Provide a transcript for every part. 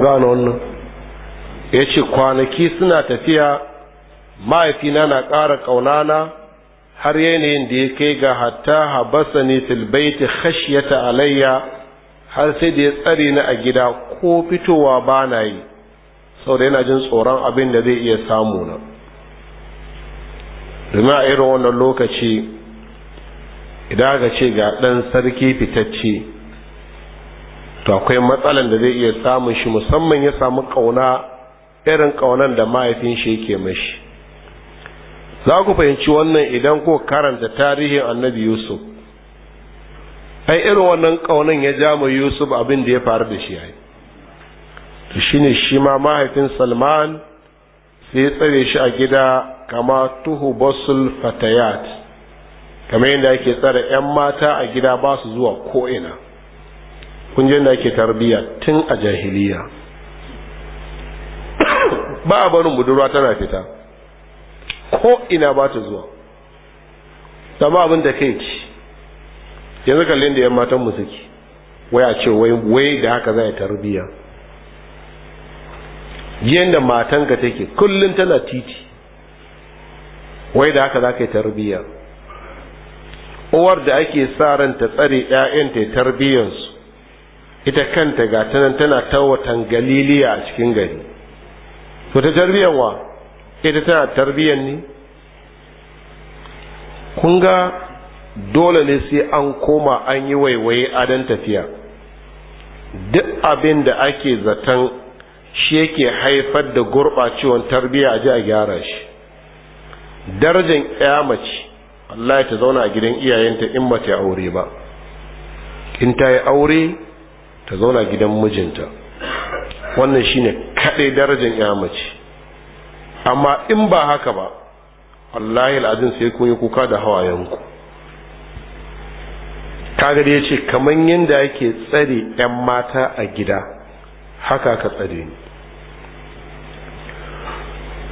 gano wannan ya ce kwanaki suna tafiya mahaifina na ƙara ƙaunana har yanayin da ya kai ga hatta habasa ne filbaiti khashiyata alayya har sai da ya tsare ni a gida ko fitowa ba na yi saboda yana jin tsoron abin da zai iya samu na domin a irin wannan lokaci idan aka ce ga ɗan sarki fitacce to akwai matsalan da zai iya samun shi musamman ya samu kauna irin kaunan da mahaifin shi yake mashi za ku fahimci wannan idan ko karanta tarihin annabi yusuf ai irin wannan kaunan ya ja ma yusuf abin da ya faru da shi yayi to shine shi ma mahaifin salman sai tsare shi a gida kama tuhu basul fatayat kamar yadda ake tsare 'yan mata a gida ba su zuwa ko'ina kun je da ake tarbiyya tun a jahiliya ba a barin budurwa tana fita ko ina ba ta zuwa zama abin da kai ci yanzu kallon da yan matan musiki suke wai a ce wai da haka za a tarbiyya yadda matanka take kullum tana titi wai da haka za ka yi tarbiyya uwar da ake sa ran ta tsare 'ya'yanta ya tarbiyyarsu ita kanta ga nan tana tawatan galiliya a cikin gari to ta tarbiyan wa ita tana tarbiyan ne kun ga dole ne sai an koma an yi waiwaye adon tafiya duk abin da ake zaton shi yake haifar da gurɓacewar tarbiyya a ji a gyara shi darajar ya mace Allah ta zauna a gidan iyayenta in mace aure ba in ta yi aure ta zauna gidan mijinta wannan shine kaɗai darajar ya mace amma in ba haka ba wallahi al'adun sai kun yi kuka da hawayenku kaga da ya yace, kamar yadda yake tsare 'yan mata a gida haka ka tsare ni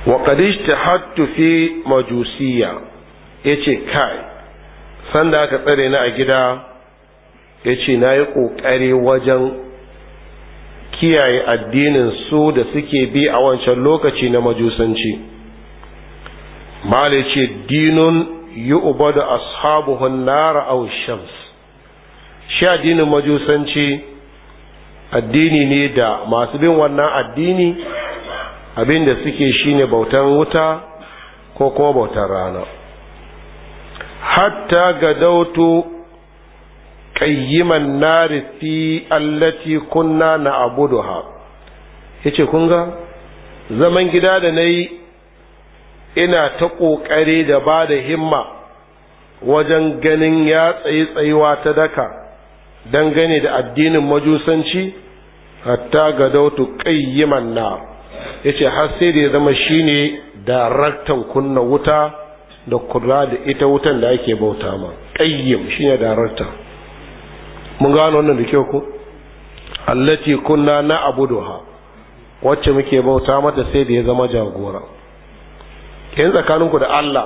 wa ta hattu fi majusiya Yace, kai sanda ka tsare ni a gida ya ce na yi ƙoƙari wajen kiyaye addinin su da suke bi a wancan lokaci na majusanci mali ce dinun yi uba da ashabuhun nara au shams shi addinin majusanci addini ne da masu bin wannan addini abinda da suke shine bautan wuta ko kuma bautan rana hatta ga dautu qayyiman nari fi allati kunna na'buduha yace kun ga zaman gida da nayi ina ta kokari da ba da himma wajen ganin ya tsayi tsayuwa ta daka dangane da addinin majusanci hatta ga dautu qayyiman nar yace har sai da ya zama shine daraktan kunna wuta da kula da ita wutan da ake bauta ma qayyim shine daraktan mun gano wannan da kyau ko allati kunna na abuduha wacce muke bauta mata sai da ya zama jagora in tsakaninku da Allah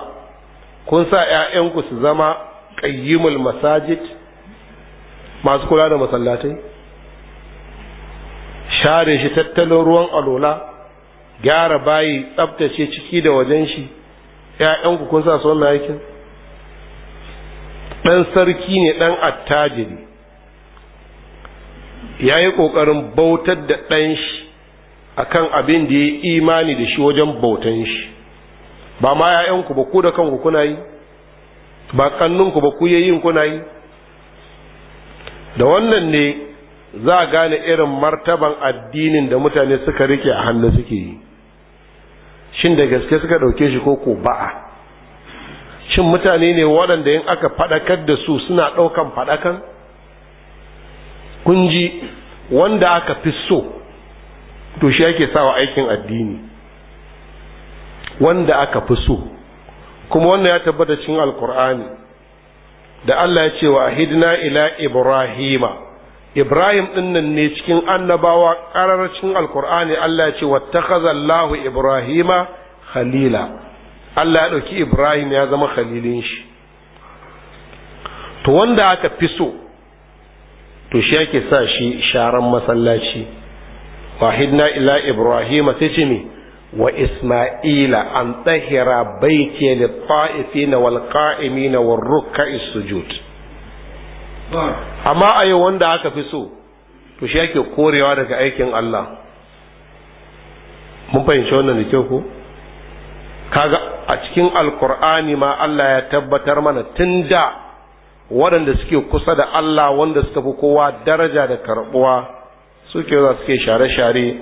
kun sa ƴaƴanku su zama qayyimul masajid masu kula da masallatai share shi tattalin ruwan alola gyara bayi tsabtace ciki da wajen shi ƴaƴanku kun sa su wannan aikin dan sarki ne dan attajiri ya yi ƙoƙarin bautar da ɗan shi kan abin da ya imani da shi wajen bautan shi ba ma ‘ya'yanku ba ku da kanku kuna yi ba ƙannunku ba ku yayin kuna yi da wannan ne za a gane irin martaban addinin da mutane suka rike a hannu suke yi shin da gaske suka ɗauke shi ko ko ba'a shin mutane ne waɗanda yin aka faɗakar da su suna ɗaukan faɗakan kun ji wanda aka fi so to shi ake sawa aikin addini wanda aka fi so kuma wannan ya tabbata cikin alkur'ani da Allah ya ce wa hidna ila ibrahima ibrahim din ne cikin annabawa kararcin alkur'ani Allah ya ce wattakhadha Allahu ibrahima khalila Allah ya ɗauki ibrahim ya zama khalilin shi to wanda aka fi so to shi yake sa shi sharan masallaci wahidna ila ibrahim sai ce wa isma'ila an tahira baiti lil na wal na war sujud amma ayo wanda aka fi so to shi yake korewa daga aikin Allah mun fahimci wannan da kyau ko kaga a cikin alkur'ani ma Allah ya tabbatar mana tun da waɗanda suke kusa da Allah wanda suka fi kowa daraja da karɓuwa suke za suke share-share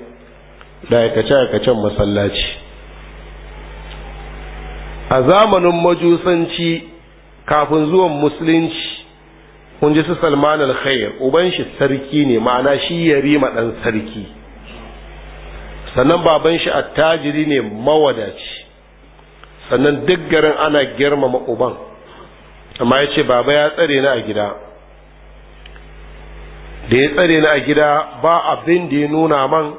da aikace-aikacen masallaci a zamanin majusanci kafin zuwan musulunci kun ji su salman al uban shi sarki ne ma'ana shi yarima ɗan sarki sannan baban shi attajiri ne mawadaci sannan duk garin ana girmama uban amma ya ce baba ya tsare ni a gida da ya tsare ni a gida ba abin da ya nuna man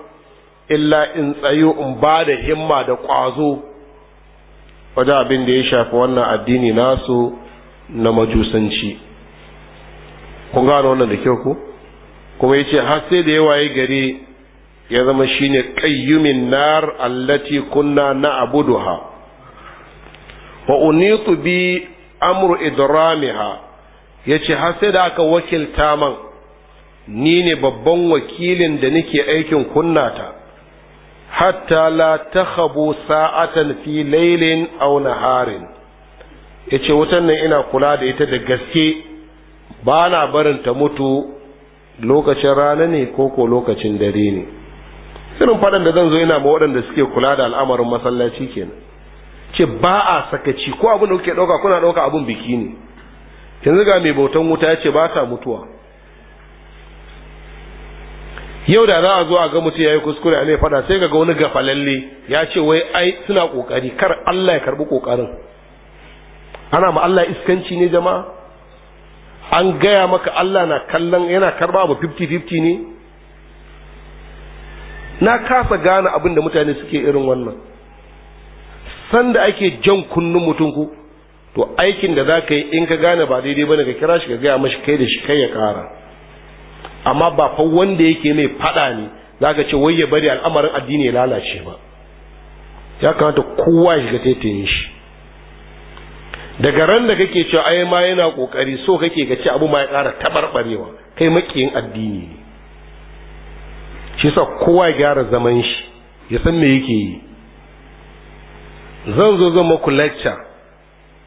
illa in tsayo in ba da himma da ƙwazo wajen abin da ya shafi wannan addini nasu na majusanci kun gano wannan da kyau ku kuma ya ce har sai da yawa ya gari ya zama shine ƙayyumin nar allati kunna na abuduha wa unitu bi amru idramiha yace har sai da aka wakilta man ni ne babban wakilin da nake aikin kunnata hatta la takhabu sa'atan fi laylin aw naharin yace wutan nan ina kula da ita da gaske ba na barin ta mutu lokacin rana ne ko ko lokacin dare ne irin faɗan da zan zo ina ma waɗanda suke kula da al'amarin masallaci kenan ce ba a sakaci ko abin da kuke ɗauka kuna ɗauka abin biki ne yanzu ga mai bautan wuta ya ce ba ta mutuwa yau da za a zo a ga mutum ya yi kuskure a fada sai ga wani gafalalle ya ce wai ai suna ƙoƙari kar Allah ya karɓi ƙoƙarin ana ma Allah iskanci ne jama'a an gaya maka Allah na kallon yana karɓa abu 50-50 ne na kasa gane abin da mutane suke irin wannan sanda ake jan kunnun mutum ku to aikin da za ka yi in ka gane ba daidai ba ne ka kira shi ka gaya mashi kai da shi kai ya kara. amma ba fa wanda yake mai faɗa ne za ka ce wai ya bari al'amarin addini ya lalace ba ya kamata kowa ya shiga taitayin shi daga ran da kake cewa ai ma yana kokari so kake ka ce abu ma ya ƙara tabarbarewa kai makiyin addini ne shi sa kowa ya gyara zaman shi ya san me yake yi zan zo zan maku lecture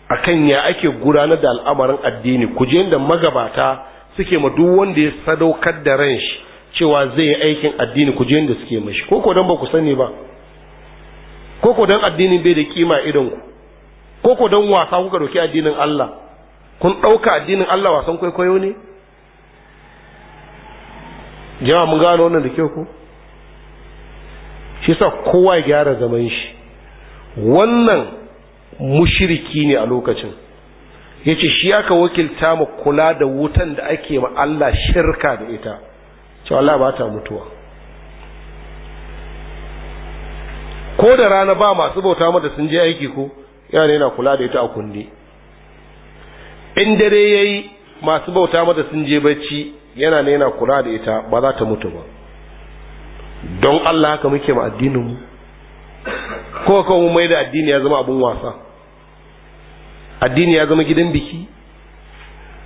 akan ya ake gudanar da al'amarin addini ku je da magabata suke ma duk wanda ya sadaukar da ran shi cewa zai yi aikin addini ku je da suke mashi ko ko dan ba ku sani ba ko ko dan addinin bai da kima idan ku ko ko dan wasa kuka doki addinin Allah kun dauka addinin Allah wasan kwaikwayo ne jama'a mun gano wannan da ke ku shi sa kowa ya gyara zaman shi wannan mushiriki ne a lokacin ya ce shi aka wakilta mu kula da wutan da ake ma Allah shirka da ita cewa Allah ba ta mutuwa ko da rana ba masu bauta mata sun je aiki ko yana yana kula da ita a kundi in dare yi masu bauta mata sun je bacci yana ne yana kula da ita ba za ta mutu ba don Allah haka muke ma addinin mu ko kawai mun mai da addini ya zama abin wasa addini ya zama gidan biki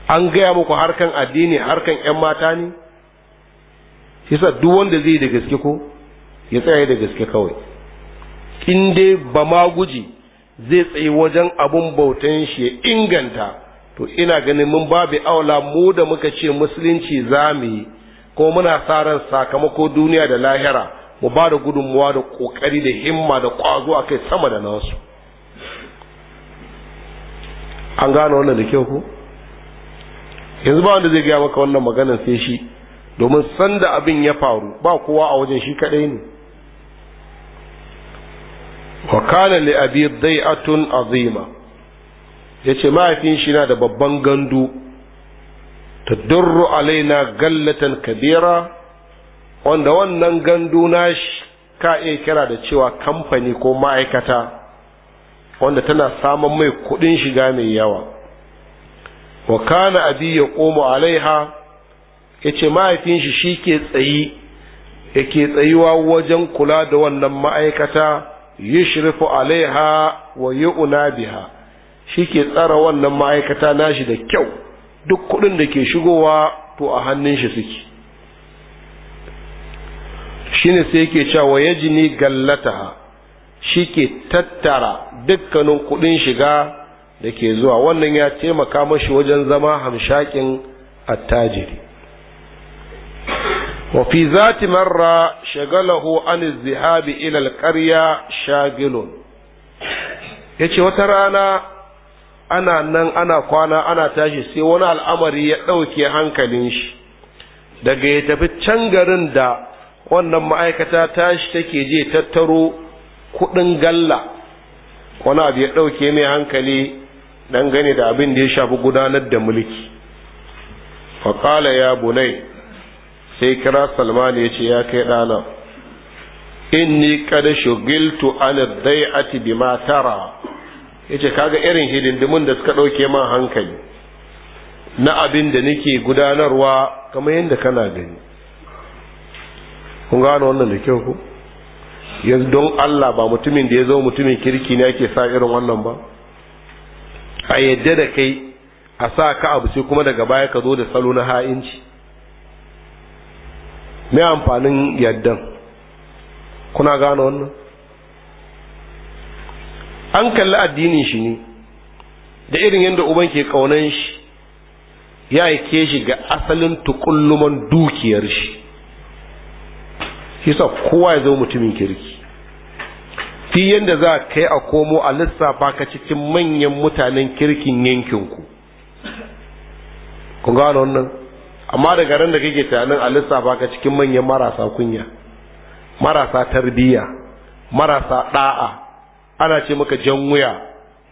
an gaya muku harkan addini harkan yan mata ne yasa duk wanda zai da gaske ko ya tsaya da gaske kawai in dai ba ma guji zai tsayi wajen abun bautan shi ya inganta to ina ganin mun babu aula mu da muka ce musulunci za mu yi ko muna sa ran sakamako duniya da lahira mu ba da gudunmuwa da kokari da himma da kwazo a kai sama da nasu an gane wannan da kyau ku. yanzu ba wanda zai gaya maka wannan maganar sai shi domin sanda abin ya faru ba kowa a wajen shi kadai ne wa kana li abi dai'atun azima yace mahaifin shi na da babban gandu tadurru alaina gallatan kabira wanda wannan gandu nashi ka iya kira da cewa kamfani ko ma'aikata wanda tana samun mai kudin shiga mai yawa wa kana abi ya komo alaiha ya ce mahaifin shi shi ke tsayi ke tsayuwa wajen kula da wannan ma'aikata yushrifu alaiha wa yi unabiha, shi ke tsara wannan ma'aikata nashi da kyau duk kudin da ke shigowa to a hannun shi suke shine sai yake cewa yajni gallataha shi ke tattara dukkanin kuɗin shiga da ke zuwa wannan ya taimaka mashi wajen zama hamshakin attajiri wa fi zati marra shagalahu an zihabi ila alqarya shagilun yace wata rana ana nan ana kwana ana tashi sai wani al'amari ya ɗauke hankalin shi daga ya tafi can garin da wannan ma'aikata tashi take je tattaro kuɗin galla wani abu ya ɗauke mai hankali dangane da abin da ya shafi gudanar da mulki faƙala ya bunai sai kira salman ya ce ya kai ɗana inni kada shugiltu an dai'ati bi ma tara ya ce kaga irin hidindimin da suka ɗauke man hankali na abin da nake gudanarwa kamar yadda kana gani kun gane wannan da kyau ku yanzu don Allah ba mutumin da ya zama mutumin kirki ne ake sa irin wannan ba a yadda da kai a sa ka abu sai kuma daga baya ka zo da salo na ha'inci me amfanin yaddan kuna gano wannan an kalli addinin shi ne da irin yadda uban ke kaunan shi ya aike shi ga asalin tukulluman dukiyar shi shi sa kowa ya zama mutumin kirki fi yadda za kai a komo a lissafa ka cikin manyan mutanen kirkin yankinku kun gano wannan amma daga ran da kake tunanin a lissafa ka cikin manyan marasa kunya marasa tarbiyya marasa da'a ana ce maka jan wuya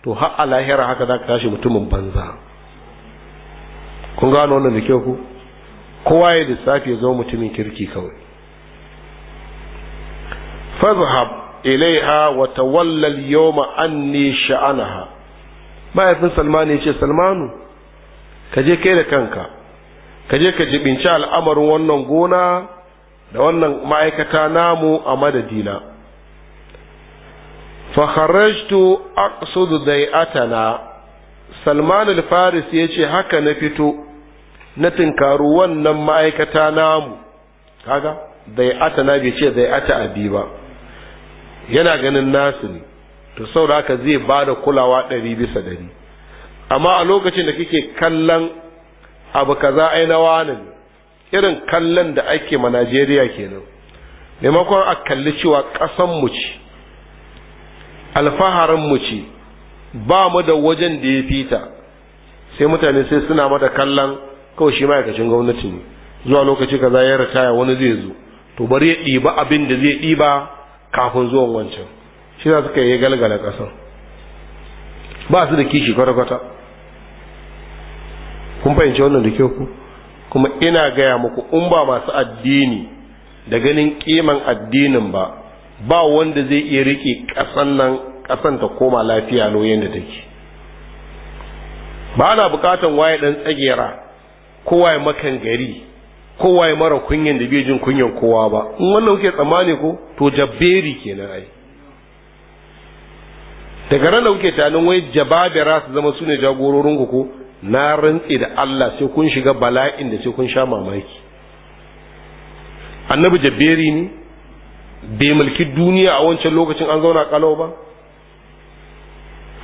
to har a lahira haka za ka tashi mutumin banza kun gano wannan da kyau ku kowa ya lissafi ya zama mutumin kirki kawai fazhab ilaiha wa tawalla al-yawma anni sha'anaha mahaifin salmanu ya ce salmanu kaje kai da kanka kaje ka jibinci al'amarin wannan gona da wannan ma'aikata namu a madadina fakharajtu aqsudu dai'atana salman al-faris ya ce haka na fito na tinkaru wannan ma'aikata namu kaga dai'atana bai ce dai'ata abi ba yana ganin nasu ne to sauraka haka zai ba da kulawa ɗari bisa ɗari amma a lokacin da kike kallon abu kaza ai na irin kallon da ake ma Najeriya kenan maimakon a kalli cewa ƙasan mu ce alfaharin mu ce ba mu da wajen da ya fita sai mutane sai suna mata kallon kawai shi ma'aikacin gwamnati ne zuwa lokaci kaza ya ritaya wani zai zo to bari ya ɗiba abin da zai ɗiba kafin zuwan wancan shi za su suka ya galgala kasan ba su da kishi kwata-kwata kun fahimci wannan da kyau kuma ina gaya muku in ba masu addini da ganin kiman addinin ba ba wanda zai iya rike kasan nan kasan ta koma lafiya loyin da take ba na bukatan waye dan tsagera kowa ya makan gari kowa ya mara kunyan da bai jin kunyan kowa ba in wannan kuke tsammani ko to jabberi kenan ai daga ranar kuke tunanin wai jababira su zama sune jagororin ku ko na rantse da Allah sai kun shiga bala'in da sai kun sha mamaki annabi jabberi ne bai mulki duniya a wancan lokacin an zauna kalau ba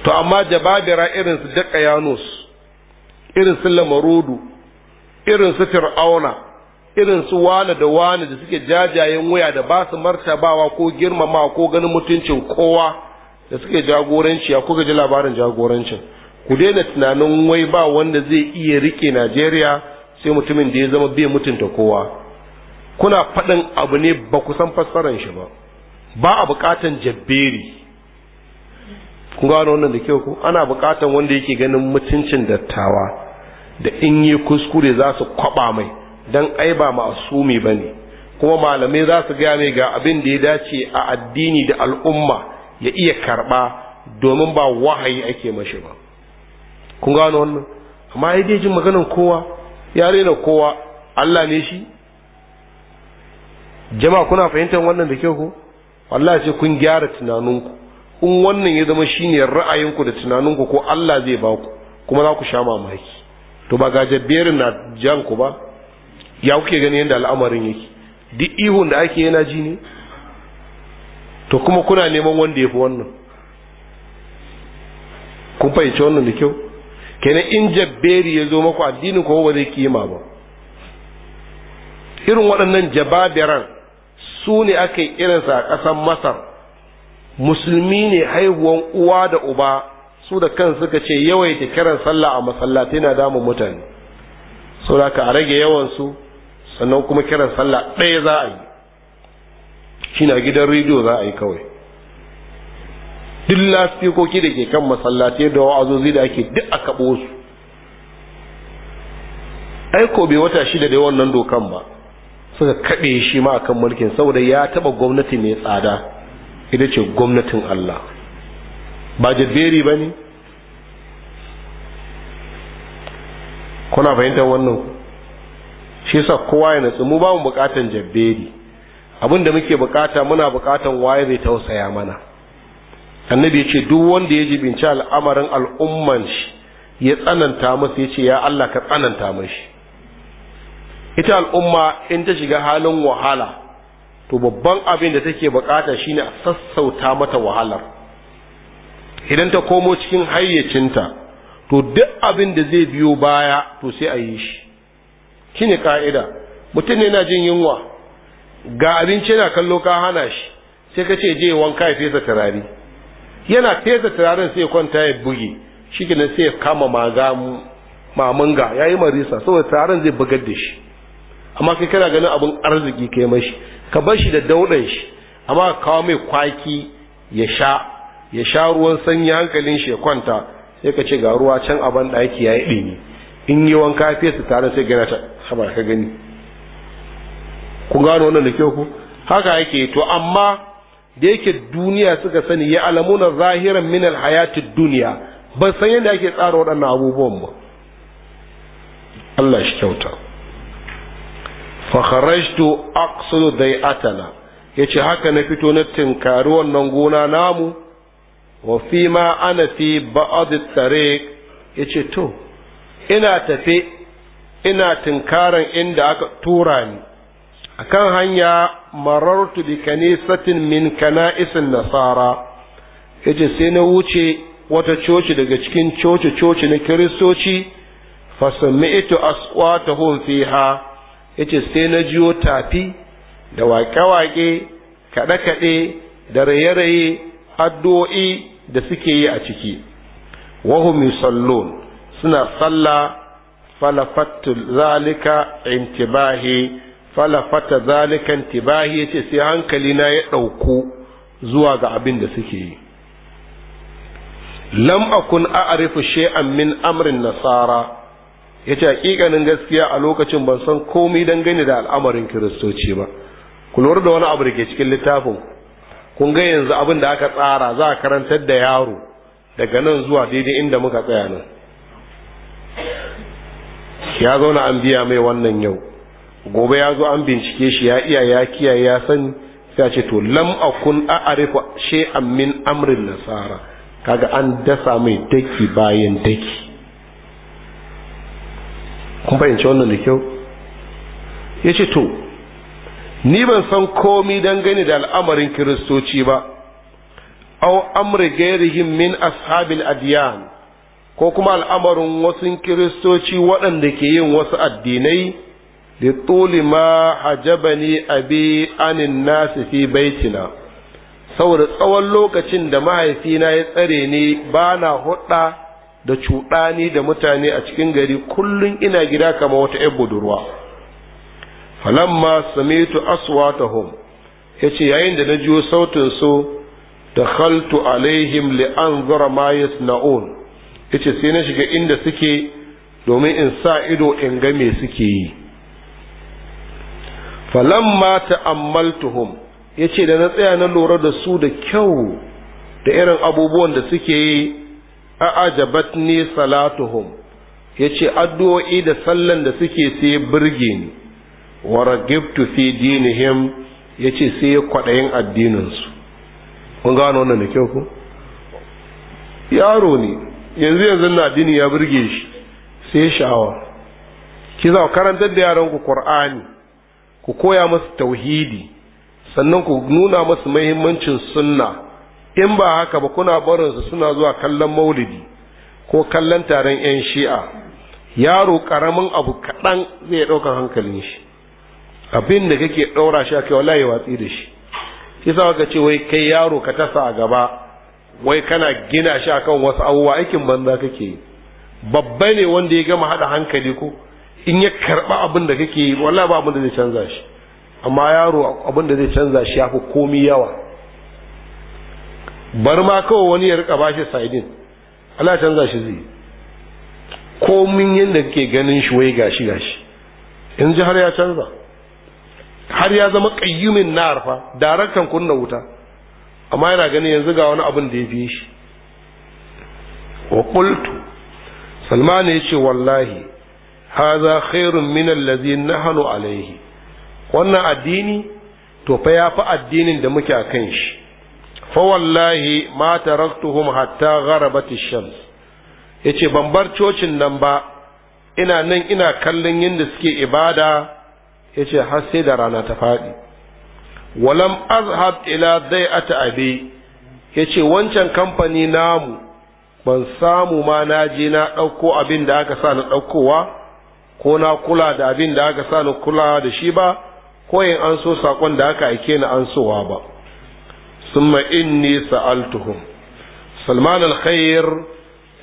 to amma jababira irin su daƙa yanus irin su Lamarodu, irin su fir'auna irin su wane da wane da suke jajayen waya da ba su martabawa ko girmama ko ganin mutuncin kowa da suke jagoranci a kuka ji labarin jagorancin ku daina tunanin wai ba wanda zai iya rike najeriya sai mutumin da ya zama bai mutunta kowa kuna faɗin abu ne ba ku san shi ba ba a buƙatan jabberi kun gano wannan da kyau ko ana buƙatan wanda yake ganin mutuncin dattawa da in yi kuskure za su kwaɓa mai don ai ba ma'asumi ba ne kuma malamai za su gaya mai ga abin da ya dace a addini da al'umma ya iya karɓa domin ba wahayi ake mashi ba kun gano wannan amma ya dai jin maganar kowa ya rena kowa Allah ne shi jama'a kuna fahimtar wannan da kyau ko wallahi sai kun gyara tunaninku Kun wannan ya zama shine ra'ayinku da tunaninku ko Allah zai ba ku kuma za ku sha mamaki to ba ga gajabberin na jan ku ba ya kuke gani yadda al'amarin yake duk ihun da ake yana ji to kuma kuna neman wanda ya fi wannan kun fahimci wannan da kyau kenan in jabberi ya zo maku addinin ko ba zai kima ba irin waɗannan jababiran su ne aka yi irinsa a ƙasar masar musulmi ne haihuwan uwa da uba su da kan suka ce yawaita kiran sallah a masallatai na damun mutane sau da ka a rage yawansu sannan kuma kiran sallah ɗaya za a yi shi na gidan rediyo za a yi kawai duk lafikoki da ke kan masallatai da wa'azozi da ake duk a kaɓo su aiko bai wata shida da wannan dokan ba suka kaɓe shi ma akan mulkin saboda ya taɓa gwamnati mai tsada ita ce gwamnatin Allah ba jabberi ba ne kuna fahimtar wannan shi yasa kowa ya natsu mu ba mu bukatan jabberi abin da muke bukata muna bukatan waye zai tausaya mana annabi ya ce duk wanda ya jibinci al'amarin al'umman shi ya tsananta masa ya ce ya Allah ka tsananta mashi ita al'umma in ta shiga halin wahala to babban abin da take bukata shine a sassauta mata wahalar idan ta komo cikin hayyacinta to duk abin da zai biyo baya to sai a yi shi shine ka'ida mutum ne yana jin yunwa ga abinci yana kallo ka hana shi sai ka ce je wanka ya fesa turare yana fesa turaren sai kwanta ya buge shi sai ya kama maza mamanga ya yi marisa saboda turaren zai bugar da shi amma kai kana ganin abin arziki kai mashi ka bar shi da daudan shi amma ka kawo mai kwaki ya sha ya sha ruwan sanyi hankalin shi ya kwanta sai ka ce ga ruwa can a banɗaki ɗaki ya yi ɗini in yi wanka fiye su tare sai gina ta ka gani ku gano wannan da kyau ku haka yake to amma da yake duniya suka sani ya alamuna zahiran min hayatun duniya ba san yadda ake tsara waɗannan abubuwan ba Allah shi kyauta fa kharajtu aqsidu dai'atana yace haka na fito na tinkari wannan gona namu wa fi ma ana fi ba'd at-tariq yace to ina tafe ina tunkaran inda aka tura ni akan hanya marartu bi kanisatin min kana'isin nasara yace sai na wuce wata coci daga cikin coci coci na kiristoci fa sami'tu aswatahum fiha yace sai na jiyo tafi da waƙe-waƙe kaɗe-kaɗe da raye-raye addu'o'i da suke yi a ciki wahumi yusallun suna sallah falafattu zalika intibahi falafata zalika intibahi yace sai hankali na ya ɗauku zuwa ga abin da suke yi lam akun a'rifu shay'an min amrin nasara yace hakikanin gaskiya a lokacin ban san komai dangane da al'amarin kiristoci ba ku da wani abu da ke cikin littafin kun ga yanzu abin da aka tsara za a karantar da yaro daga nan zuwa daidai inda muka tsaya nan ya zauna an biya mai wannan yau gobe ya zo an bincike shi ya iya ya kiyaye ya sani sai a ce to lam akun arifa shay'an min amrin nasara kaga an dasa mai daki bayan daki kun fahimci wannan da kyau ya ce to ni ban san komi dangane da al'amarin kiristoci ba au amri gairihim min ashabil adiyan ko kuma al'amarin wasu kiristoci waɗanda ke yin wasu addinai da tuli ma hajabani abi anin nasu fi baitina saboda tsawon lokacin da mahaifina ya tsare ni ba na hudda da cuɗani da mutane a cikin gari kullum ina gida kama wata 'yan budurwa falamma samitu aswatahum ya ce yayin da na jiyo sautin su da khaltu alaihim li anzara ma yasna'un yace sai na shiga inda suke domin in sa ido in ga me suke yi falamma ta'ammaltuhum yace da na tsaya na lura da su da kyau da irin abubuwan da suke yi a ajabatni salatuhum yace addu'o'i da sallan da suke sai burge ni wa ragibtu fi dinihim yace sai kwadayin addinin su kun gano wannan da kyau ko yaro ne yanzu yanzu na addini ya burge shi sai sha'awa ki za ku karantar da yaran ku qur'ani ku koya musu tauhidi sannan ku nuna musu muhimmancin sunna in ba haka ba kuna barin su suna zuwa kallon maulidi ko kallon taron yan shi'a yaro karamin abu kaɗan zai ɗaukar hankalin shi abin da kake ɗaura shi a kai wallahi watsi da shi kisa ka ce wai kai yaro ka tasa a gaba wai kana gina shi akan wasu abubuwa aikin banza kake yi babba ne wanda ya gama hada hankali ko in ya karba abin da kake yi wallahi ba abin da zai canza shi amma yaro abin da zai canza shi yafi komi yawa bar ma kawai wani ya rika bashi saidin Allah canza shi zai komin yadda kake ganin shi wai gashi gashi yanzu har ya canza har ya zama kayyumin nar fa daraktan kunna wuta amma yana ganin yanzu ga wani abin da ya fi shi wa qultu salman ya ce wallahi haza khairun min allazi nahnu alaihi wannan addini to fa yafi addinin da muke a kan shi fa wallahi ma taraktuhum hatta gharabat ash-shams yace ban bar cocin nan ba ina nan ina kallon yadda suke ibada yace har sai da rana ta faɗi walam azhab ila dai'ata abi yace wancan kamfani namu ban samu ma na je na ɗauko abin da aka sa na ɗaukowa ko na kula da abin da aka sa na kula da shi ba ko in an so saƙon da aka aike ni an sowa ba summa inni sa'altuhum salman al-khair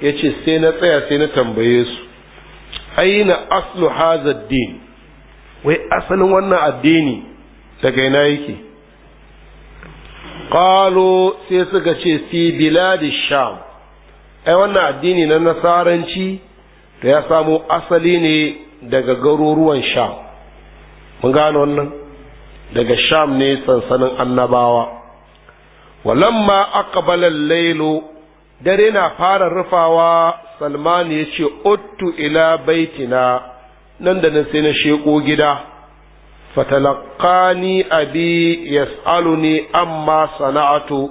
yace sai na tsaya sai na tambaye su aina aslu hadha din wai asalin wannan addini daga ina yake qalu sai suka ce fi biladi sham ai wannan addini na nasaranci da ya samo asali ne daga garuruwan sham mun gano wannan daga sham ne sansanin annabawa walamma aqbala al-lailu dare na fara rufawa salman ya ce ottu ila baitina nan da nan sai na sheko gida Fatalakani abi ne amma sana'atu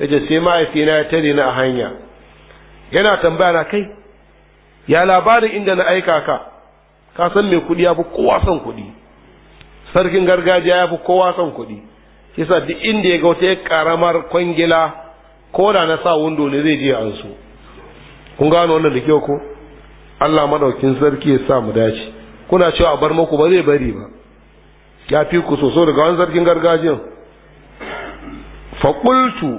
yace sai mahaifina ya tare ni a hanya yana tambaya na kai ya labarin inda na aika ka ka san mai kuɗi ya fi kowa son kuɗi sarkin gargajiya ya fi kowa son kuɗi yasa duk inda ya ga wata karamar kwangila ko da na sa windo ne zai je an kun gano wannan da kyau ko Allah maɗaukin sarki ya sa mu dace kuna cewa a bar muku ba zai bari ba ya fi ku soso daga wani sarkin gargajiyan faƙultu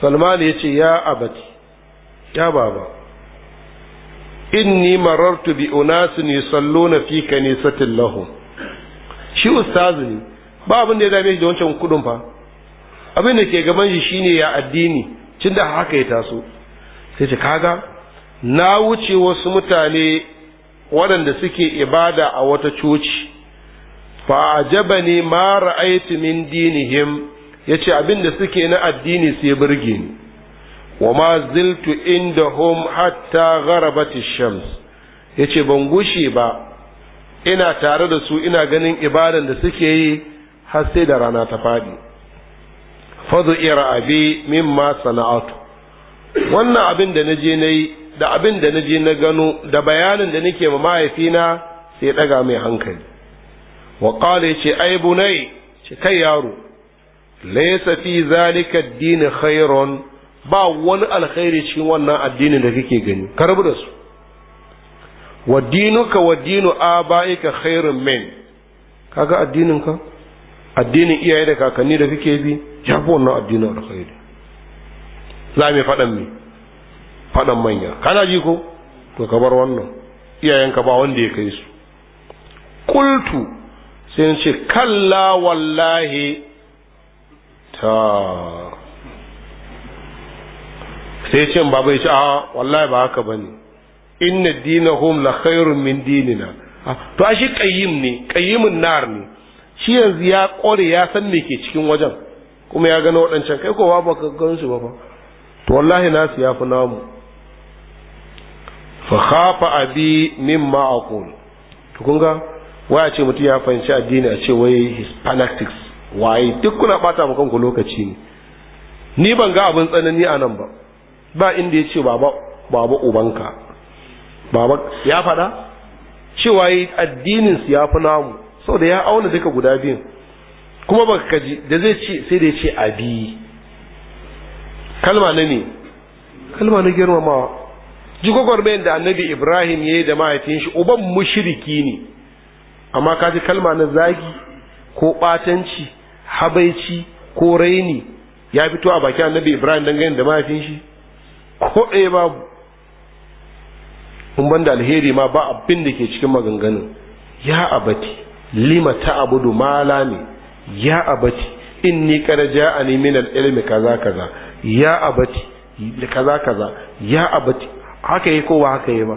salman ya ce ya abati ya baba inni marartu bi unasin yusalluna fi satin lahu. shi ustazu ne ba abin da ya dame shi da wancan kudin fa abin da ke gaban shi shine ya addini cin da haka ya taso sai ce kaga na wuce wasu mutane waɗanda suke ibada a wata coci fa ajabani ma ra'aytu min dinihim yace abin da suke na addini sai burge ni wa ma ziltu indahum hatta gharabat ash-shams yace ban gushe ba ina tare da su ina ganin ibadan da suke yi har sai da rana ta fadi fadu ira abi mimma sana'atu wannan abin da naje nayi da abin da naje na gano da bayanin da nake ma mahaifina sai daga mai hankali wa qala yace ai bunai ce kai yaro laysa fi zalika ad-din khairun ba wani alkhairi cikin wannan addinin da kake gani ka rabu da su wa dinuka wa dinu abaika khairun min kaga addinin ka addinin iyaye da kakanni da kake bi ya fi wannan addinin alkhairi za mai fadan me fadan manya kana ji ko to ka bar wannan iyayenka ba wanda ya kai su qultu sai ce kalla wallahi ta sai ce ba bai ce a wallahi ba haka bane inna dinahum la khairun min dinina ah, to a shi qayyim ne qayyimun nar ne shi yanzu ya kore ya san me ke cikin wajen kuma ya gano waɗancan kai kowa ba ka gan su ba fa to wallahi nasu ya fi namu fa khafa abi mimma aqul to kun ga ya ce mutum ya fahimci addini a ce wai his waye duk kuna bata mu kanku lokaci ne ni ban ga abin tsanani a nan ba ba inda ya ce baba baba ubanka baba ya faɗa cewa yi addinin su ya fi namu saboda ya auna duka guda biyun kuma baka kaji da zai ce sai da ya ce abi kalma na ne kalma na girmamawa jigogwar bayan da annabi ibrahim ya yi da mahaifin shi uban mushriki ne amma ka ji kalma na zagi ko ɓatanci habaici ko raini ya fito a bakin annabi ibrahim dangane da mahaifin shi ko ɗaya babu mun ban da alheri ma ba abin da ke cikin maganganu ya abati lima ta abudu mala ne ya abati inni kada ja'ani min al-ilmi kaza kaza ya abati kaza kaza ya abati haka yi kowa haka yi ba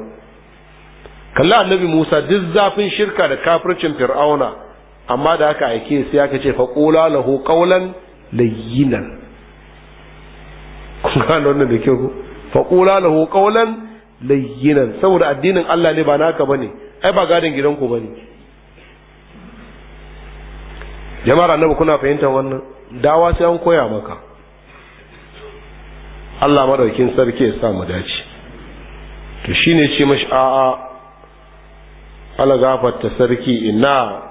kalla annabi Musa duk zafin shirka da kafircin Fir'auna amma da aka aike sai aka ce fa qula lahu qawlan layyinan kun ga wannan da kyau fa qula lahu qawlan layyinan saboda addinin Allah ne ba naka bane ai ba gadin gidanku bane jama'ar annabi kuna fahimtar wannan dawa sai an koya maka Allah madaukin sarki ya sa mu dace to shine ce mashi a'a Allah gafarta sarki ina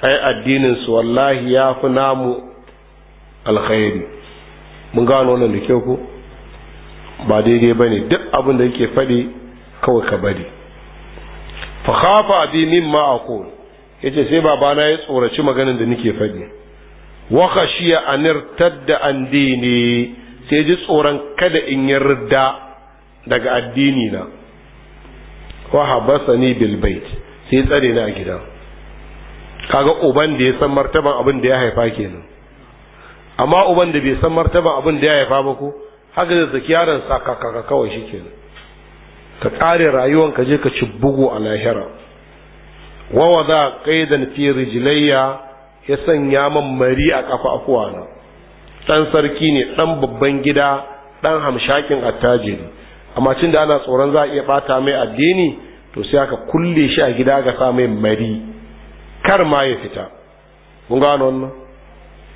ai addinin su wallahi ya fi namu alkhairi mun gano wannan da kyau ku ba daidai ba ne duk abin da yake faɗi kawai ka bari fa khafa bi mimma aqul yace sai babana ya tsoraci maganin da nake faɗi wa khashiya an irtadda an dini sai ji tsoron kada in yarda daga addini na wa habasani bil bait sai tsare ni a gida kaga uban da ya san martaban abin da ya haifa kenan amma uban da bai san martaban abin da ya haifa ba ko haka da saki yaron sa kaka kawai shi kenan ka kare rayuwan ka je ka ci bugu a lahira wa wada qaidan fi rijlayya ya sanya man mari a kafa afuwana dan sarki ne dan babban gida dan hamshakin attajiri amma cin da ana tsoron za a iya bata mai addini to sai aka kulle shi a gida ga samai mari kar ma ya fita kun gano wannan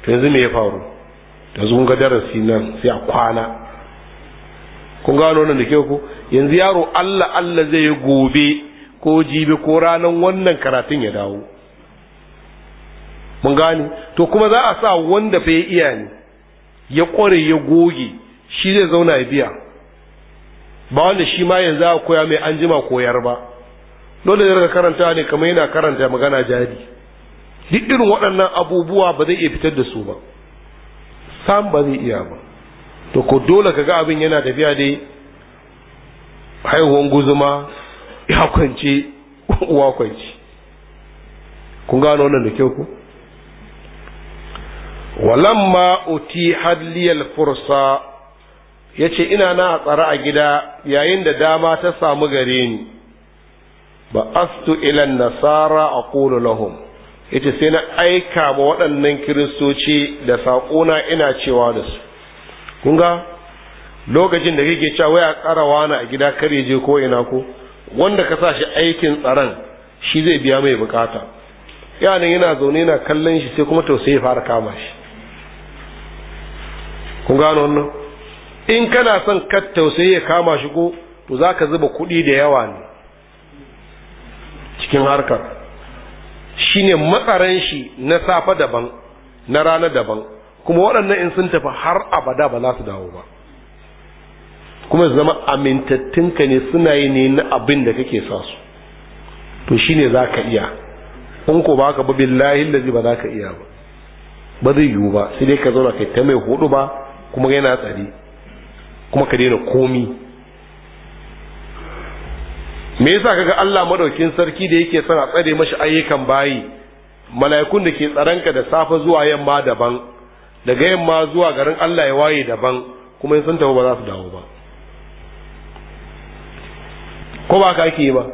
to yanzu me ya faru yanzu zuwa ga darasi nan sai a kwana kun gano wannan da ke ku yanzu yaro Allah Allah zai yi gobe ko jibi ko ranar wannan karatun ya dawo mun gane to kuma za a sa wanda fa ya iya ne ya kware ya goge shi zai zauna ya biya ba wanda shi ma yanzu a koya mai an jima koyar ba dole ne daga karanta ne kamar yana karanta magana jari. duk irin waɗannan abubuwa ba zai iya fitar da su ba sam ba zai iya ba to ko dole ka ga abin yana tafiya dai haihuwan guzuma ya kwance uwa kwance kun gano wannan da kyau ku walamma uti hadliyal fursa ya ce ina na a tsara a gida yayin da dama ta samu gare ni ba astu ilan nasara a ƙulu lahum ya ce sai na aika ba waɗannan kiristoci da saƙona ina cewa da su kunga lokacin da kake cewa waya tsara na a gida kar ya je ko ina ko wanda ka sa shi aikin tsaron shi zai biya mai bukata yanin yana zaune yana kallon shi sai kuma tausayi fara kama shi kun gano wannan in kana son tausayi ya kama shi ko to za ka zuba kuɗi da yawa ne cikin harkar shi ne matsaran shi na safa daban na rana daban kuma waɗannan in sun tafi har abada ba za su dawo ba kuma zama amintattunka ne suna yi ne na abin da kake sa su to shi ne za ka iya in ko ba ka ba billahi lazi ba za ka iya ba ba zai yiwu ba sai dai ka zauna kai ta mai hudu ba kuma yana tsari kuma ka daina komi me yasa kaga Allah madaukin sarki da yake son a tsare mashi ayyukan bayi mala'ikun da ke tsaranka da safe zuwa yamma daban daga yamma zuwa garin Allah ya waye daban kuma in sun tafi ba za su dawo ba ko ba ka ake ba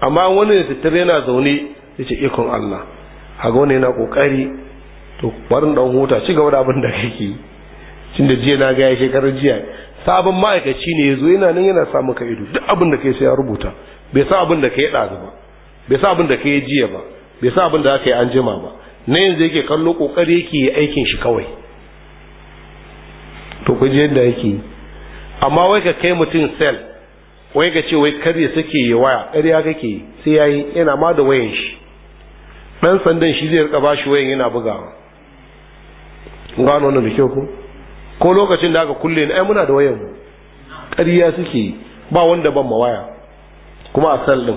amma wani da tattare yana zaune ya ce ikon Allah haga wani yana kokari to barin dan huta ci gaba da abin da kake yi da jiya na gaya ya shekarar jiya sabon ma'aikaci ne ya zo yana nan yana samun ka ido duk abin da kai sai ya rubuta bai sa abin da kai ya ɗazu ba bai sa abin da kai ya jiya ba bai sa abin da aka yi an jima ba na yanzu yake kallo kokari yake yi aikin shi kawai to ku je yadda yake yi amma wai ka kai mutum sel wai ka ce wai karya suke yi waya ƙarya kake yi sai ya yayi yana ma da wayan shi ɗan sandan shi zai rika bashi wayan yana bugawa gano wannan da kyau ko ko lokacin da aka kulle ni ai muna da wayan ƙarya suke ba wanda ban waya kuma a sal din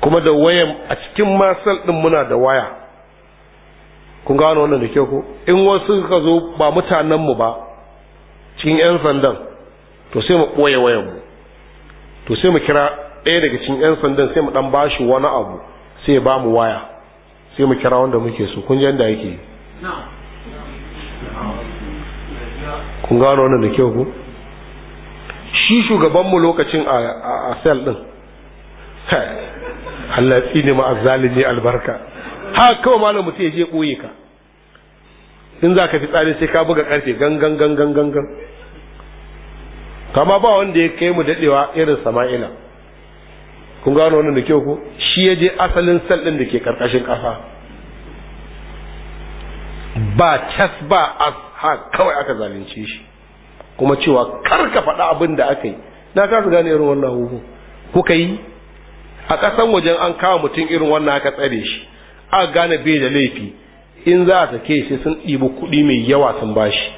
kuma da wayan a cikin ma sal din muna da waya kun gano wannan da kyau ko in wasu suka zo ba mutanen mu ba cikin yan sandan to sai mu ɓoye wayan mu to sai mu kira ɗaya daga cikin yan sandan sai mu dan bashi wani abu sai ba mu waya sai mu kira wanda muke so kun ji yanda yake kun gano wannan da kyau ku shi shugabanmu lokacin a sel din Allah ya tsine ma azzalimi albarka ha kawai malam mutum ya je koye ka in za ka fi tsari sai ka buga karfe gangan gangan gangan kama ba wanda ya kai mu dadewa irin sama'ila kun gano wannan da kyau ko shi ya je asalin sel din da ke karkashin kasa ba cas ba as ha kawai aka zalunce shi kuma cewa kar ka faɗa abin da aka yi na kasu gane irin wannan huhu kuka yi a ƙasan wajen an kawo mutum irin wannan aka tsare shi aka gane bai da laifi in za a sake sai sun ɗibi kuɗi mai yawa sun bashi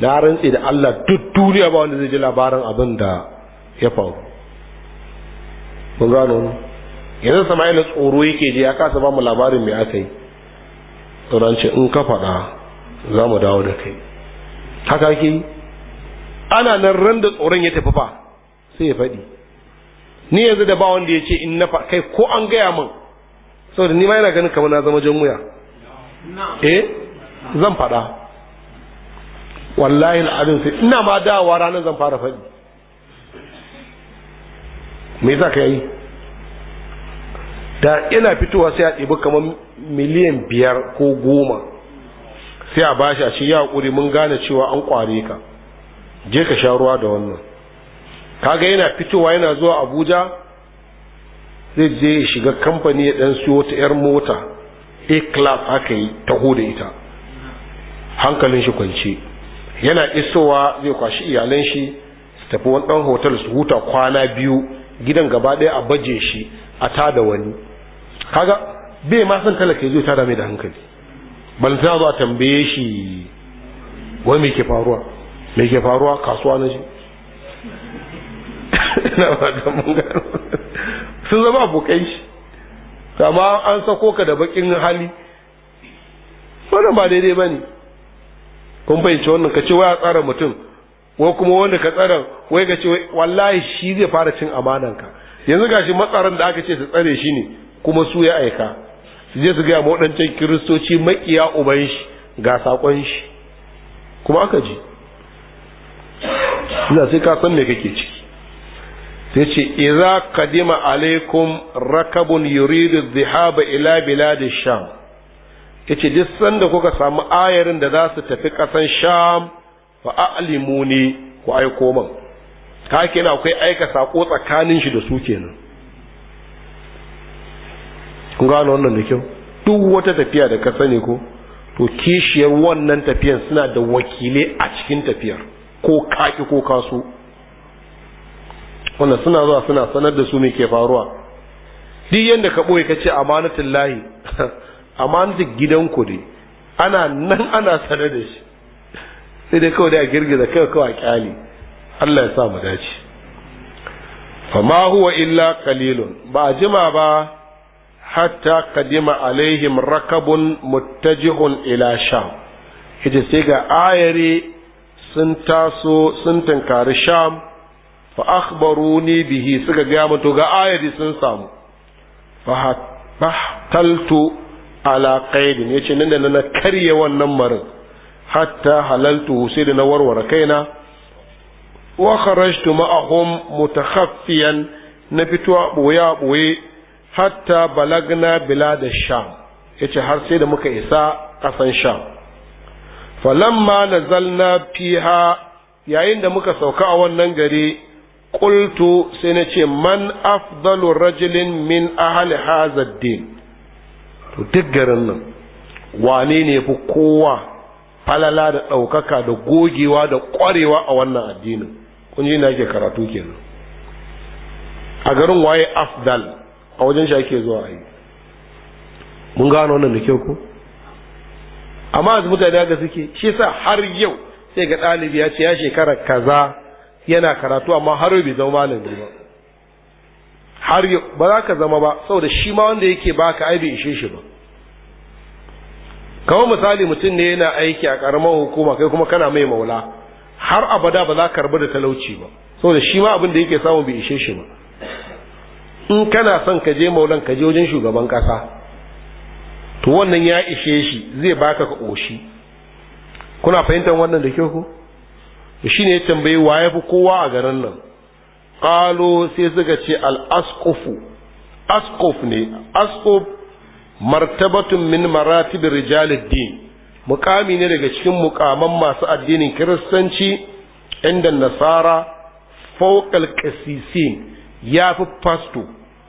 na rantse da Allah duk duniya ba wanda zai ji labarin abin da ya faru mun gano yanzu Sama'ila tsoro yake je ya kasa ba mu labarin me aka yi tsoron in ka faɗa za mu dawo da kai haka ke ana nan ran da tsoron ya tafi fa sai ya faɗi ni yanzu da ba wanda ya ce in na fa kai ko an gaya min saboda ni ma yana ganin kamar na zama jan wuya eh zan faɗa wallahi al'adun sai ina ma dawowa ranar zan fara faɗi me yasa ka yi da ina fitowa sai a ɗibi kamar miliyan biyar ko goma sai a bashi a ce ya hakuri mun gane cewa an kware ka je ka sha ruwa da wannan kaga yana fitowa yana zuwa abuja zai je ya shiga kamfani ya ɗan siyo ta yar mota a class aka yi taho da ita hankalin shi kwance yana isowa zai kwashi iyalan shi su tafi wani dan hotel su huta kwana biyu gidan gaba ɗaya a baje shi a tada wani kaga bai ma san talaka ya zo tada mai da hankali sai zo a tambaye shi wai me ke faruwa me ke faruwa kasuwa na shi ina ba da mun gano sun zama abokai shi kama an sako ka da bakin hali wannan ba daidai ba ne kun fahimci wannan ka ce wai a tsara mutum wai kuma wanda ka tsara wai ka ce wallahi shi zai fara cin amananka yanzu gashi matsaran da aka ce su tsare shi ne kuma su ya aika su je su gaya ma waɗancan kiristoci maƙiya uban shi ga saƙon shi kuma aka ji ina sai ka san me kake ciki sai ce iza kadima alaikum rakabun yuridu dhahaba ila bilad sham yace duk sanda kuka samu ayarin da za su tafi ƙasan sham fa a'limuni ku aiko min. ka kenan akwai aika sako tsakanin shi da su kenan kun gano wannan da kyau duk wata tafiya da ka sani ko to kishiyar wannan tafiyar suna da wakile a cikin tafiyar ko kaki ko kaso wannan suna zuwa suna sanar da su me ke faruwa duk yadda ka ɓoye ka ce amanatin lahi amanatin ku ne ana nan ana sanar da shi sai dai kawai da a girgiza kawai kawai a kyale Allah ya sa mu dace fama huwa illa kalilun ba a jima ba hatta kadima alaihim rakabun muttajihun ila sham ita sai ga ayari sun taso sun tunkari sham fa akhbaruni bihi suka mu to ga ayari sun samu fahtaltu ala qaidin yace nan da na karye wannan marin hatta halaltu sai da na warware kaina wa kharajtu ma'ahum mutakhaffiyan na fito a boye a boye hatta balagna bilad sham yace har sai da muka isa ƙasan sham falamma nazalna fiha yayin da muka sauka a wannan gari qultu sai na ce man afdalu rajulin min ahli hadha din to duk garin nan wane ne fi kowa falala da ɗaukaka da gogewa da ƙwarewa a wannan addinin kun ji na yake karatu kenan a garin waye afdal a wajen shi ake zuwa ayi mun gano wannan da kyau ko amma mutane ga suke shi sa har yau sai ga ɗalibi ya ce ya shekara kaza yana karatu amma har yau bai zama malami ba har yau ba za ka zama ba saboda shi ma wanda yake baka ai bai ishe shi ba kawai misali mutum ne yana aiki a karamar hukuma kai kuma kana mai maula har abada ba za ka rabu da talauci ba saboda shi ma abin da yake samu bai ishe shi ba in kana son ka je maulan ka je wajen shugaban kasa to wannan ya ishe shi zai baka ka koshi kuna fahimtar wannan da kyau ko shi ne ya tambayi ya fi kowa a garin nan ƙalo sai suka ce al'asƙufu Askof ne askof. martabatun min maratib rijalid din mukami ne daga cikin mukaman masu addinin kiristanci inda nasara fawqal qasisin ya fi fasto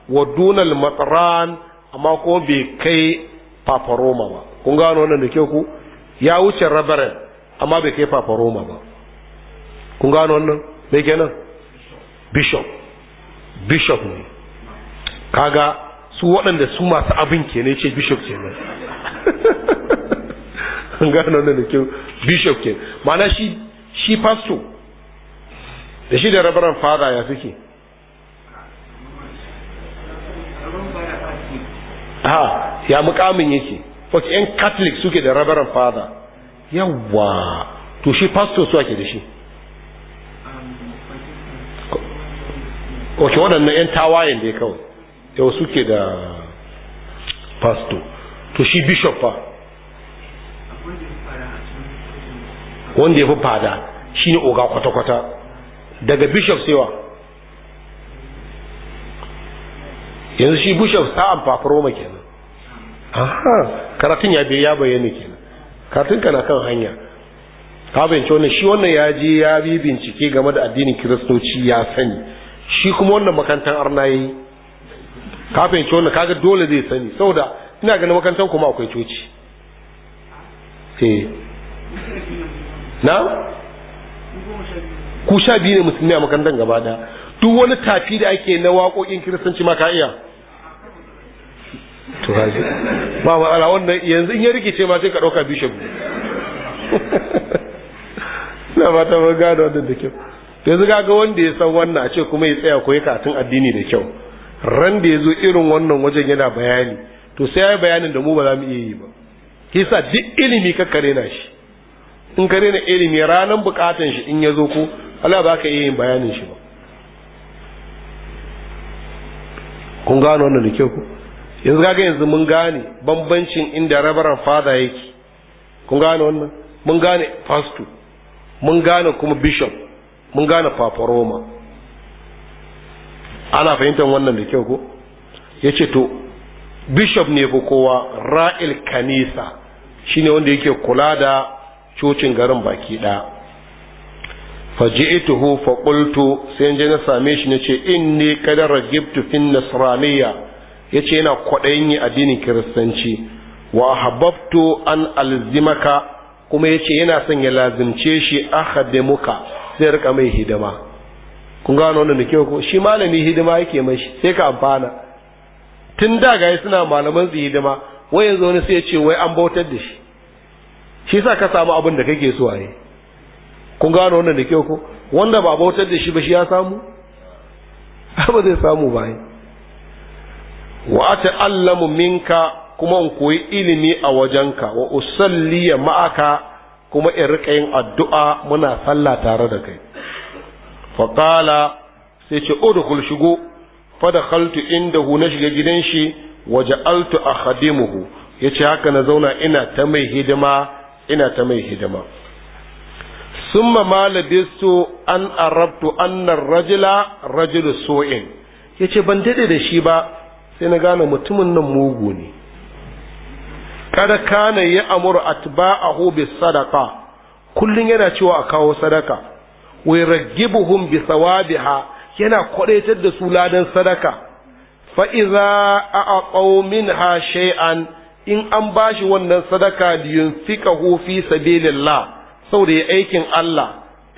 wa dunal matsaran amma ko bai kai paparoma ba kun gano wannan da ke ku ya wuce rabaran amma bai kai paparoma ba kun gano wannan mai kenan bishop bishop ne kaga su waɗanda su masu abin ne ce bishop kenan kun gano wannan da ke bishop ke ma'ana shi shi pastor da shi da rabaran fada ya suke ha ya mukamin yake ok yan catholic suke da reverend father yawa to shi pastor su ake da shi ok waɗannan yan tawayen da ya kawai yau suke da pastor to shi bishop fa wanda ya fi fada shi ne oga kwata-kwata daga bishop sewa yanzu shi bishop sa'an roma kenan aha karatun ya biya bayyana kenan karatun kana kan hanya ka bayyance wannan shi wannan ya je ya bi bincike game da addinin kiristoci ya sani shi kuma wannan makantan arnayi ka bayyance wannan kaga dole zai sani saboda ina ganin makantan kuma akwai coci eh na ku sha biyu ne musulmi a makantan gaba daya duk wani tafi da ake na waƙoƙin kiristanci ma ka iya to haji ba matsala wannan yanzu in ya rikice ma sai ka ɗauka bishop na ba ta gano wannan da kyau yanzu ga wanda ya san wannan a ce kuma ya tsaya koyi katun addini da kyau ran da ya zo irin wannan wajen yana bayani to sai ya yi bayanin da mu ba za mu iya yi ba kisa duk ilimi ka kare na shi in kare na ilimi ranar bukatan shi in ya zo ko Allah ba ka iya yin bayanin shi ba kun gano wannan da kyau ko yanzu kaga yanzu mun gane bambancin inda rabaran fada yake kun gane wannan mun gane fasto mun gane kuma bishop mun gane paparoma ana fahimtar wannan da kyau ko ya ce to bishop ne fa kowa ra'il kanisa shine wanda yake kula da cocin garin baki ɗaya faji'tuhu fa qultu sai je na same shi nace inni kadar ragibtu fin nasraniyya yace yana kwaɗayin yi addinin kiristanci wa habbabtu an alzimaka kuma yace yana son ya lazimce shi akhadimuka sai rika mai hidima kun gano wannan da kyau ko shi malami hidima yake mashi sai ka amfana tun da ga suna malaman su hidima wai yanzu wani sai ya ce wai an bautar da shi shi sa ka samu abin da kake so a yi kun gano wannan da kyau ko wanda ba bautar da shi ba shi ya samu ba zai samu ba wa allamu minka kuma in koyi ilimi a wajenka wa usalliya ma'aka kuma in rika yin addu'a muna sallah tare da kai fa sai ce kul shigo fa inda hu na shiga gidan shi wa ja'altu akhadimuhu yace haka na zauna ina ta mai hidima ina ta mai hidima summa ma labistu an arabtu anna ar-rajula rajulu su'in yace ban dade da shi ba sai na gane mutumin nan mugu ne kada kana ya amuru atba'ahu bis sadaqa kullun yana cewa a kawo sadaka wai ragibuhum bi thawabiha yana kwadaitar da su ladan sadaka fa idza aqaw minha shay'an in an bashi wannan sadaka liyunfikahu fi sabilillah saboda aikin Allah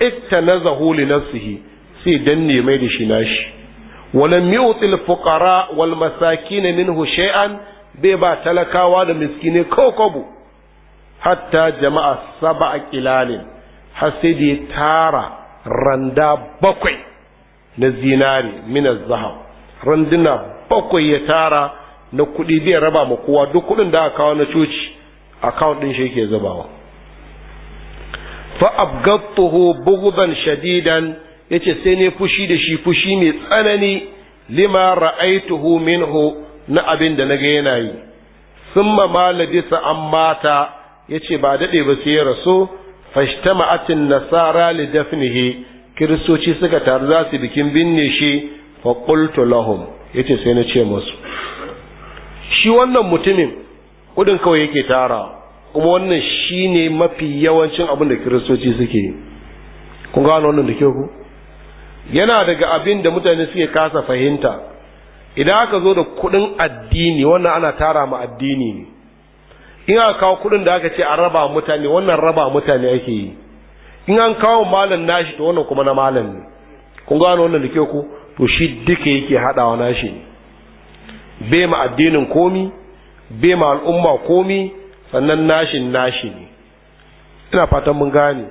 ittanazahu li nafsihi sai danne mai da shi nashi ولم يعطي الفقراء والمساكين منه شيئا بيبا تلكاوا da miskinai ko hatta jama'a sab'a kilalin har sai da ya tara randa bakwai na zinari min randuna bakwai ya tara na kuɗi zai raba ma kowa duk kuɗin da aka na coci account ɗin shi yake zubawa fa abgattuhu shadidan yace sai ne fushi da shi fushi mai tsanani lima ra'aituhu minhu na abin da naga yana yi Sun ma labisa an mata yace ba daɗe ba sai ya rasu fashtama'atin nasara li dafnihi kiristoci suka taru za su bikin binne shi fa qultu lahum yace sai na ce musu shi wannan mutumin kudin kawai yake tara kuma wannan shine mafi yawancin abin da kiristoci suke kun gano wannan da kyau ku yana daga abin da mutane suke kasa fahimta idan aka zo da kuɗin addini wannan ana tara ma addini ne in aka kawo kuɗin da aka ce a raba mutane wannan raba mutane ake yi in an kawo malam nashi to wannan kuma na malam ne kun gano wannan da ke ku to shi duka yake haɗawa nashi ne Be ma addinin komi be ma al'umma komi sannan nashin nashi ne ina fatan mun gane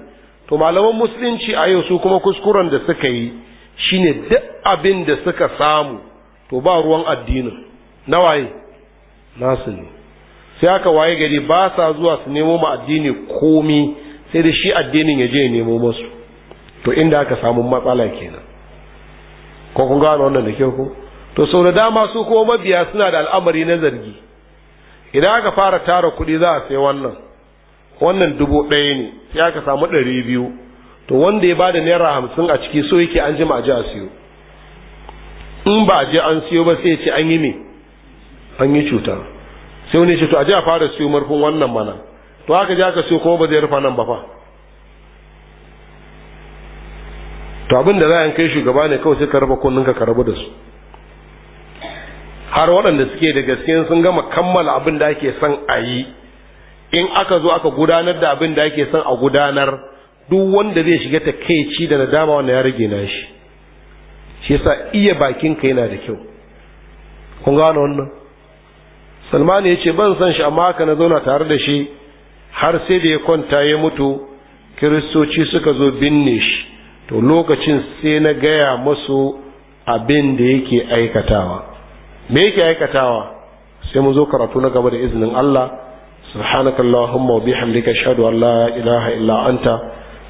to malaman musulunci a yau su kuma kuskuren da suka yi shine duk abin da suka samu to ba ruwan addinin na waye nasu ne sai aka waye gari ba sa zuwa su nemo ma addini komi sai da shi addinin ya je nemo masu to inda aka samu matsala kenan ko kun gano wannan da kyau ko to sau da dama su ko mabiya suna da al'amari na zargi idan aka fara tara kuɗi za a sai wannan wannan dubu ɗaya ne sai aka samu ɗari biyu to wanda ya bada naira hamsin a ciki so yake an jima a ji a siyo in ba a je an siyo ba sai ce an yi me an yi cuta sai wani ce to a ji a fara siyo marfin wannan mana to haka ji aka siyo kuma ba zai rufa nan ba fa to abin da za a kai shugaba ne kawai sai ka raba kunninka ka rabu da su har waɗanda suke da gaske sun gama kammala abin da ake son a yi in aka zo aka gudanar da abin da ake son a gudanar duk wanda zai shiga ci da nadama wanda ya rage na shi shi yasa iya bakin ka yana da kyau kun gano wannan salman ya ce ban san shi amma haka na zauna tare da shi har sai da ya kwanta ya mutu kiristoci suka zo binne shi to lokacin sai na gaya masu abin da yake aikatawa me yake aikatawa sai mu zo karatu na gaba da izinin Allah subhanakallahumma wa bihamdika ashhadu an la ilaha illa anta